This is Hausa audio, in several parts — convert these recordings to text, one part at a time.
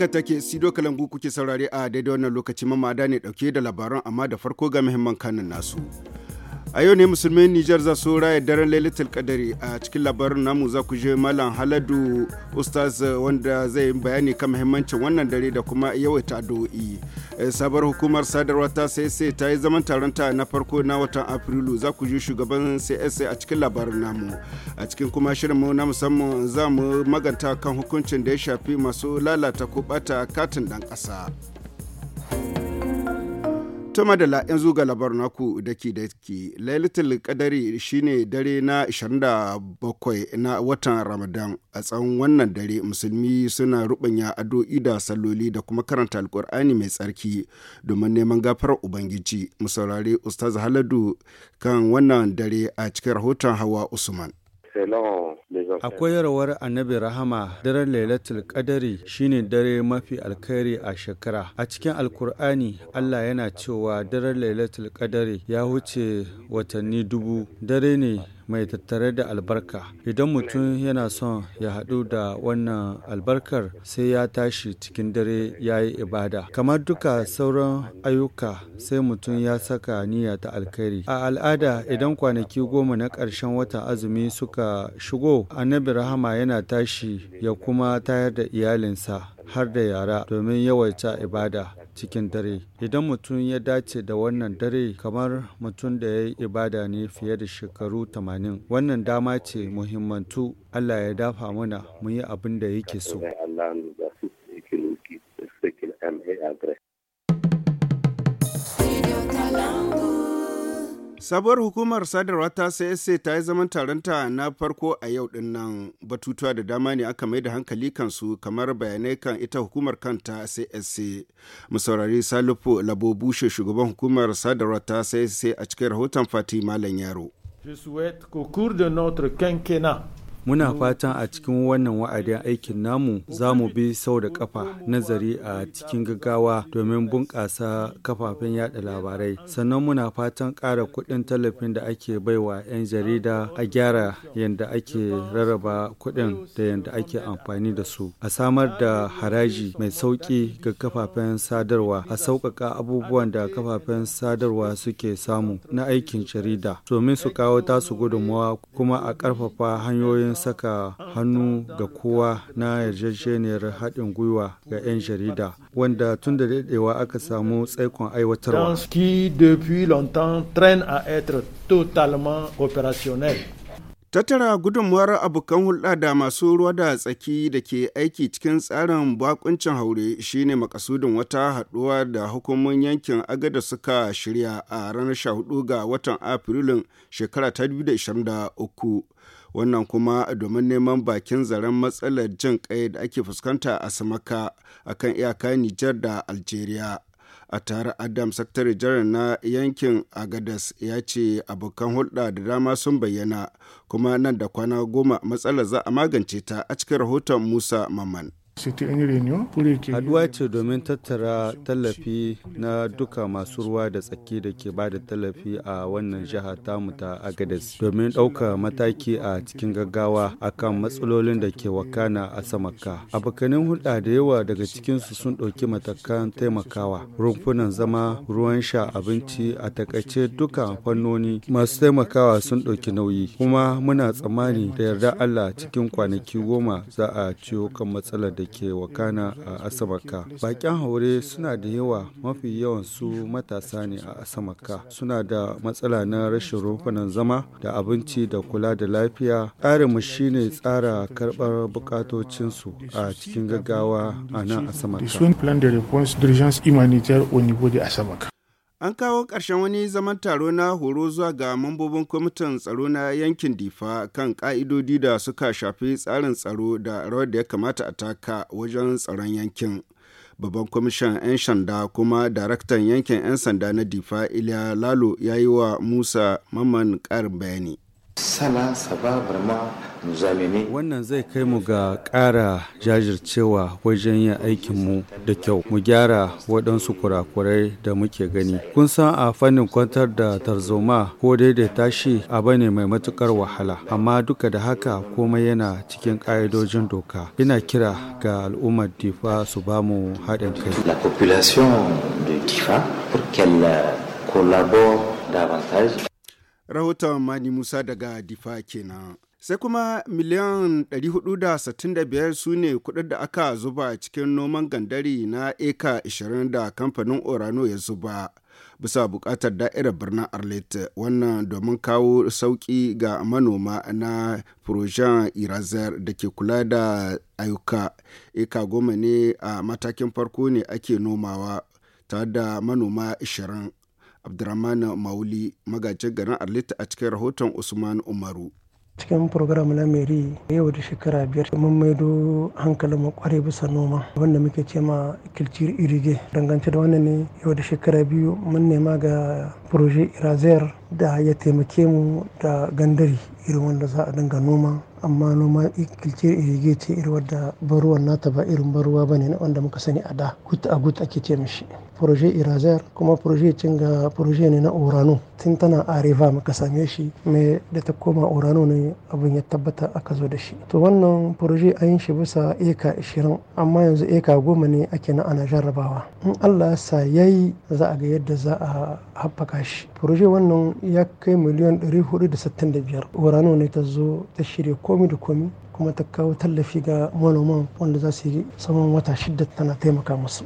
haka take sido kalangu kuke saurare a daidai wannan lokaci mamada ne dauke da labaran amma da farko ga muhimman kanin nasu. a yau ne musulmai nijar za su raya daren lailatul kadari a cikin labarin namu za ku je malam haladu ustaz wanda zai bayani kan muhimmancin wannan dare da kuma yawaita addu'o'i eh, sabar hukumar sadarwa ta sai ta yi zaman taron ta na farko na watan afrilu za ku ji shugaban csa a cikin labarin namu a cikin kuma shirin mu na musamman za mu maganta kan hukuncin da ya shafi masu lalata ko bata katin dan ƙasa. To da yanzu ga labar naku daki daki lailatul kadari shine dare na 27 na watan Ramadan a tsawon wannan dare musulmi suna rubanya addu'o'i da salloli da kuma karanta alkur'ani mai tsarki domin neman gafar ubangiji mu saurari ustaz Haladu kan wannan dare a cikin rahoton Hawa Usman. A koyarwar Annabi Rahama, daren Lailatul Qadari shine dare mafi alkhairi a shekara. A cikin Alkur'ani, Allah yana cewa daren Lailatul Qadari ya wuce watanni dubu. Dare ne mai tattare da albarka idan mutum yana son ya haɗu da wannan albarkar sai ya tashi cikin dare ya yi ibada kamar duka sauran ayyuka sai mutum ya saka niyya ta alkhairi a al'ada idan kwanaki goma na ƙarshen watan azumi suka shigo annabi rahama yana tashi ya kuma tayar da iyalinsa har da yara domin yawaita ibada cikin dare idan mutum ya dace da wannan dare kamar mutum da ya yi ibada ne fiye da shekaru 80 wannan dama ce muhimmantu allah ya dafa mana mu yi abin da yake so Sabuwar hukumar sadarwa ta CSA ta yi zaman taronta na farko a yau din nan batutuwa da dama ne aka mai da hankali kansu kamar bayanai kan ita hukumar kanta CSA. Mu saurari Salifu Labo Bushe shugaban hukumar sadarwa ta CSA a cikin rahoton Fati Malam Yaro. Je souhaite qu'au cours de notre quinquennat, Muna fatan a cikin wannan wa'adin aikin namu za mu bi sau da kafa nazari a cikin gaggawa domin bunƙasa kafafen yada labarai. Sannan muna fatan ƙara kuɗin tallafin da ake baiwa 'yan jarida a gyara yadda ake rarraba kuɗin da yadda ake amfani da su. A samar da haraji mai sauƙi ga kafafen sadarwa, a sauƙaƙa abubuwan da kafafen sadarwa suke samu na aikin jarida domin su kawo tasu gudunmawa kuma a ƙarfafa hanyoyin domin saka hannu ga kowa na yarjejeniyar haɗin gwiwa ga 'yan jarida wanda tun da daɗewa aka samu tsaikon aiwatarwa. Tattara gudunmuwar abokan hulɗa da masu ruwa da tsaki da ke aiki cikin tsarin bakuncin haure shine makasudin wata haɗuwa da hukumomin yankin agada suka shirya a ranar 14 ga watan Afrilun shekara ta 2023. Wannan kuma domin neman bakin zaren matsalar jin ƙai da ake fuskanta a Samaka akan iyaka Nijar da Algeria. a tare adam sakatare jiran na yankin agadas ya ce abokan hulɗa da dama sun bayyana kuma nan da kwana goma matsalar za a magance ta a cikin rahoton musa mamman. Haduwa ce domin tattara tallafi na duka masu ruwa da tsaki da ke bada tallafi a wannan jiha tamu ta Agadez domin ɗauka mataki a cikin gaggawa akan matsalolin da ke wakana a samaka. Abokanin hulɗa da yawa daga cikinsu sun ɗauki matakan taimakawa, rumfunan zama, ruwan sha, abinci a takaice duka fannoni masu taimakawa sun ɗauki nauyi. Kuma muna tsammani da yarda Allah cikin kwanaki goma za a ciwo kan matsalar da ke wakana a asamaka bakin haure suna da yawa mafi yawan su matasa ne a asamaka suna da matsala na rashin rumfunan zama da abinci da kula da lafiya ƙarinmu shine tsara karɓar bukatocinsu a cikin gaggawa a nan asamaka An kawo ƙarshen wani zaman taro na horo zuwa ga mambobin kwamitin tsaro na yankin Difa kan ƙa'idodi da suka shafi tsarin tsaro da rawar da ya kamata a taka wajen tsaron yankin. Babban kwamishin 'yan shanda kuma daraktan yankin 'yan sanda na Difa Iliya Lalo ya yi wa Musa Maman ƙarin bayani. Wannan zai kai mu ga ƙara jajircewa wajen yin aikinmu da kyau, mu gyara waɗansu kurakurai da muke gani. Kun san a fannin kwantar da tarzoma ko daidaita shi a bane mai matuƙar wahala, amma duka da haka komai yana cikin ƙa'idojin doka. Ina kira ga al'ummar Difa su ba mu haɗin kai. La population de Difa pour qu'elle collabore davantage. Rahoton Mani Musa daga Difa kenan. sai kuma miliyan 465 su ne kudin da aka zuba cikin noman gandari na eka 20 da kamfanin orano ya zuba bisa bukatar da'irar birnin arlet wannan domin kawo sauki ga manoma na projan irazer da ke kula da ayyuka eka goma ne a matakin farko ne ake nomawa tare da manoma 20 Abdurrahman Mauli magajin garin Arlita a cikin rahoton Usman Umaru. cikin program na meri yau da shekara biyar mun maido hankalin kware bisa noma wanda muke ce ma kilcir irige dangance da wannan ne yau da shekara biyu mun nema ga proje irazer da ya taimake mu da gandari irin wanda za a dinga noma amma noma irige ce irin wadda baruwan ruwan nata ba irin baruwa ne na wanda muka sani a da gut a gut ake ce mishi proje irazer kuma proje cin ga proje ne na orano tun tana areva muka same shi mai da ta koma orano ne abin ya tabbata aka zo da shi to wannan proje an yi shi bisa eka 20 amma yanzu eka goma ne ake na ana jarrabawa in allah ya sa yayi za a ga yadda za a haɓaka shi proje wannan ya kai miliyan 465 urano ne ta zo ta shirya komi da komi kuma ta kawo tallafi ga manoman wanda za su yi saman wata shidda tana taimaka musu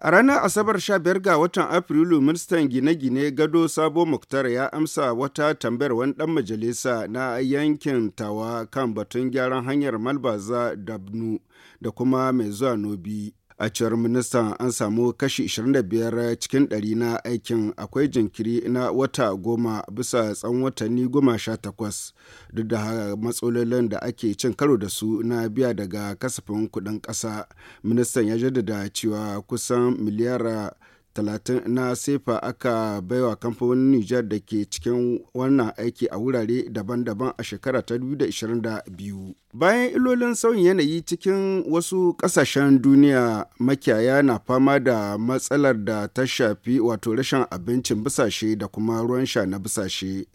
A ranar Asabar 15 ga watan Afrilu, ministan gine-gine Gado Sabo Muktar ya amsa wata tambayar wani ɗan majalisa na yankin Tawa kan batun gyaran hanyar Malbaza Dabnu da kuma mai zuwa Nobi. a cewar ministan an samu kashi 25 cikin ɗari na aikin akwai jinkiri na wata goma bisa tsawon watanni goma sha takwas duk da matsalolin da ake cin karo da su na biya daga kasafin kuɗin ƙasa ministan ya jaddada cewa kusan miliyara 30 na sefa aka baiwa kamfanin Nijar da ke cikin wannan aiki a wurare daban-daban a shekara ta 2022. Bayan ilolin sauyin yanayi cikin wasu ƙasashen duniya makiyaya na fama da matsalar da ta shafi wato rashin abincin busashe da kuma ruwan sha na busashe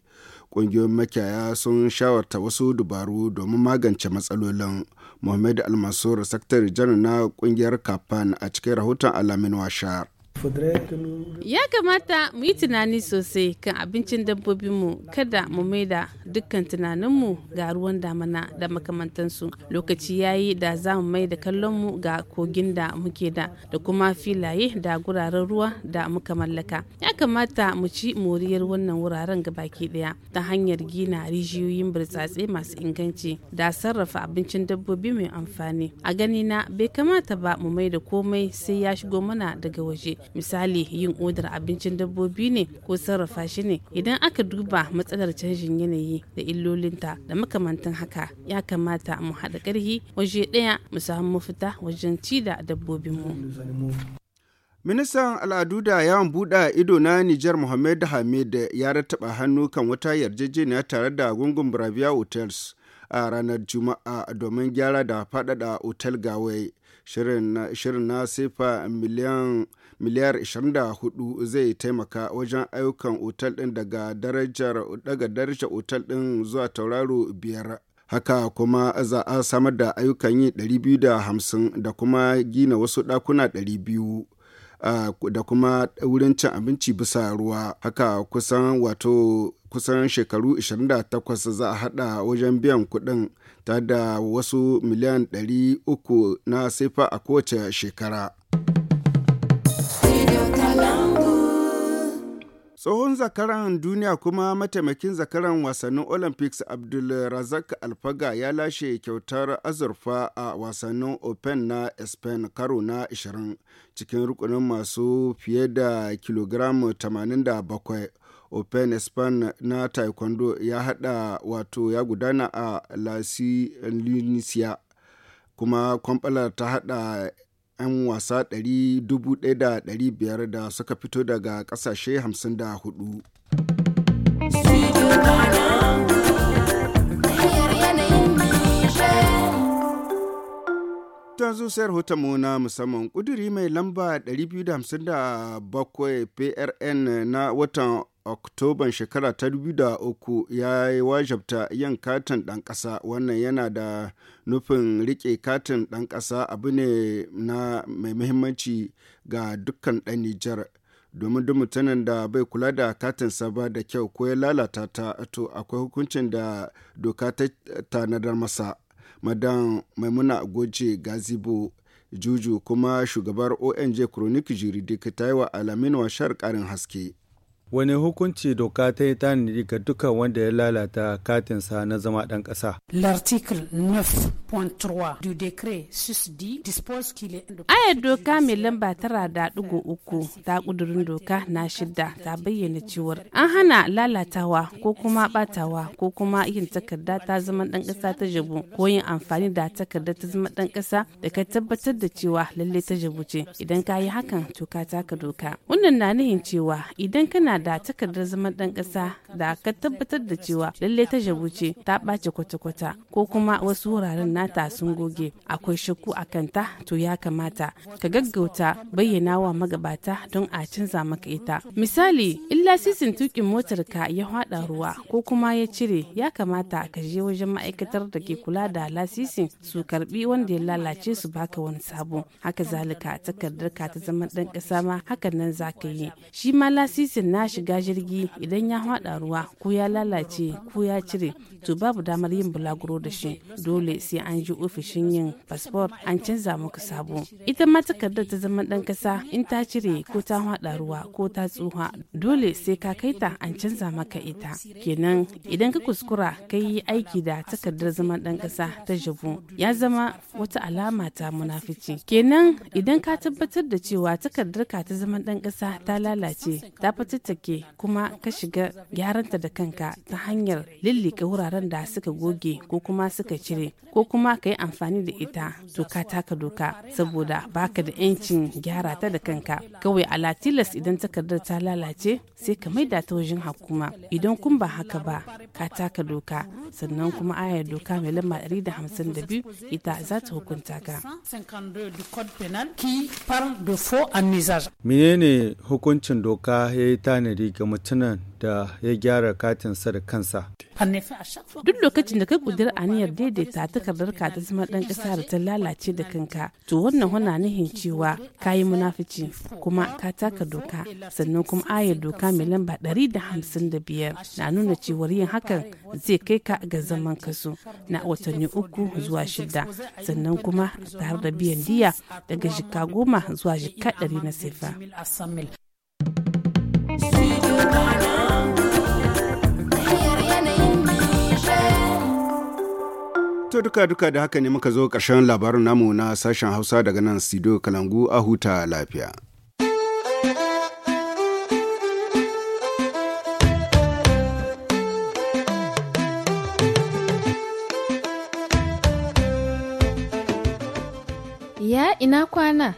Ƙungiyoyin makiyaya sun shawarta wasu dubaru domin magance matsalolin. Muhammad Almasur, Sakatare Janar na ƙungiyar Kafan a cikin rahoton Alamin Washar. Ya kamata mu yi tunani sosai kan abincin dabbobinmu kada mu maida dukkan tunaninmu ga ruwan damana da makamantansu lokaci ya yi da za mu maida kallonmu ga kogin da muke da da kuma filaye da guraren ruwa da muka mallaka. Ya kamata mu ci moriyar wannan wuraren ga baki daya ta hanyar gina rijiyoyin burtsatse masu inganci da sarrafa abincin dabbobi mai amfani. A ganina bai kamata ba mu mai da komai sai ya shigo mana daga waje. misali yin odar abincin dabbobi ne ko sarrafa shi ne idan aka duba matsalar canjin yanayi da illolinta da makamantan haka ya kamata mu haɗa ƙarfi waje ɗaya mu samu mafita wajen ci da mu. Ministan al'adu da yawon buɗe ido na Nijar Mohammed Hamid ya rattaba hannu kan wata yarjejeniya tare da gungun Bravia Hotels a ranar Juma'a domin gyara da faɗaɗa otal Gawai. Shirin na sefa miliyan miliyar 24 zai taimaka wajen ayyukan otal ɗin daga darajar daga darajar otal ɗin zuwa tauraro biyar haka kuma za a samar da ayyukan yi 250 da kuma gina wasu ɗakuna 200 Uh, da kuma wurin cin abinci bisa ruwa haka kusan wato kusan shekaru 28 za a hada wajen biyan kuɗin ta da wasu miliyan 300 na sefa a kowace shekara Tsohon zakaran duniya kuma mataimakin zakaran wasannin Olympics Abdulrazak Alfaga ya lashe kyautar azurfa a wasannin Open na Spain karo na 20 cikin rukunin masu fiye da kilogram 87. Open Spain na Taekwondo ya hada wato ya gudana a lasi kuma kwamfalar ta hada 'yan wasa 1,500 da suka fito daga ƙasashe 54. ta zo zusayar mu na musamman kuduri mai lamba 257 prn na watan oktoban shekara ta da uku ya yi wajabta yin katin ɗan ƙasa wannan yana da nufin riƙe katin ɗan ƙasa abu ne na mai muhimmanci ga dukkan ɗan nijar domin duk mutumin da bai kula da katin ba da kyau ko ya lalata ta to akwai hukuncin da doka ta tanadar masa madan maimuna goje gazibo juju kuma shugabar ong chronic juridic ta yi wa alamin shar karin haske Wani hukunci doka ta yi tanadi ga dukkan wanda ya lalata katinsa na zama ɗan ƙasa? L'article 9.3 du décret Ayar doka mai lamba tara da ɗigo uku ta ƙudurin doka na shida ta bayyana cewar an hana lalatawa ko kuma ɓatawa ko kuma yin takarda ta zama ɗan ƙasa ta jabu ko yin amfani da takarda ta zama ɗan ƙasa da ka tabbatar da cewa lalle ta jabu ce idan ka yi hakan to ka taka doka. Wannan na nihin cewa idan kana da takardar zaman ɗan ƙasa da aka tabbatar da cewa lalle ta jabu ce ta ɓace kwata-kwata ko kuma wasu wuraren nata sun goge akwai shakku a kanta to ya kamata ka gaggauta bayyana wa magabata don a canza maka ita misali in lasisin tukin motar ka ya haɗa ruwa ko kuma ya cire ya kamata ka je wajen ma'aikatar da ke kula da lasisin su karbi wanda ya lalace su baka wani sabo haka zalika takardar ka ta zaman ɗan ƙasa ma hakan nan za ka yi shi ma lasisin na shiga jirgi idan ya haɗa ruwa ko ya lalace ko ya cire to babu damar yin bulaguro da shi dole sai an ji ofishin yin fasfor an canza muku sabo ita ma takardar ta zama ɗan kasa in ta cire ko ta haɗa ruwa ko ta tsuha dole sai ka kaita an canza maka ita kenan idan ka kuskura ka yi aiki da takardar zaman ɗan kasa ta jabu ya zama wata alama ta munafici kenan idan ka tabbatar da cewa takardar ka ta zaman ɗan kasa ta lalace ta fitattake goge kuma ka shiga gyaranta da kanka ta hanyar lillika wuraren da suka goge ko kuma suka cire ko kuma ka yi amfani da ita to ka taka doka saboda baka da 'yancin gyara ta da kanka kawai a latilas idan takardar ta lalace sai ka maida ta wajen hakuma idan kun ba haka ba ka taka doka sannan kuma ayar doka mai lamba 152 ita za ta hukunta ka menene hukuncin doka ya yi tanadi ga mutumin da ya gyara katinsa da kansa. Duk lokacin da ka kudir aniyar daidaita takardar ka ta zama ɗan ƙasa da ta lalace da kanka, to wannan hana nihin cewa ka yi munafici kuma ka taka doka, sannan kuma ayar doka mai lamba ɗari da hamsin da biyar na nuna cewar yin hakan zai kai ka ga zaman kaso na watanni uku zuwa shida, sannan kuma tare da biyan diya daga shika goma zuwa shika ɗari na sefa. To duka duka da haka ne muka zo ƙarshen labarin namu na sashen Hausa daga nan Sido Kalangu a huta lafiya. Ya ina kwana?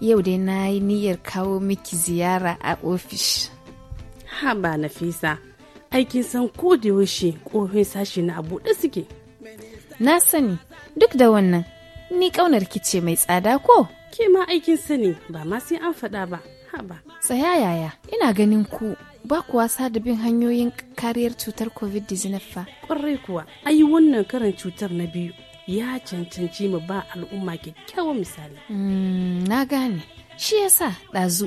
Yau dai na yi niyyar kawo miki ziyara a ofishi na nafisa aikin san ko da yaushe ƙofin sashi na abu da suke na sani duk da wannan ni ƙaunar ce mai tsada ko ke ma aikin sani ba ma sai an faɗa ba haba tsaya yaya ina ganin ku ba wasa da bin hanyoyin kariyar cutar covid-19 fa ƙwarai kuwa ayi wannan karin cutar na biyu ya cancanci mu ba al'umma kyakkyawan misali. Hmm, na gane, shi yasa ɗazu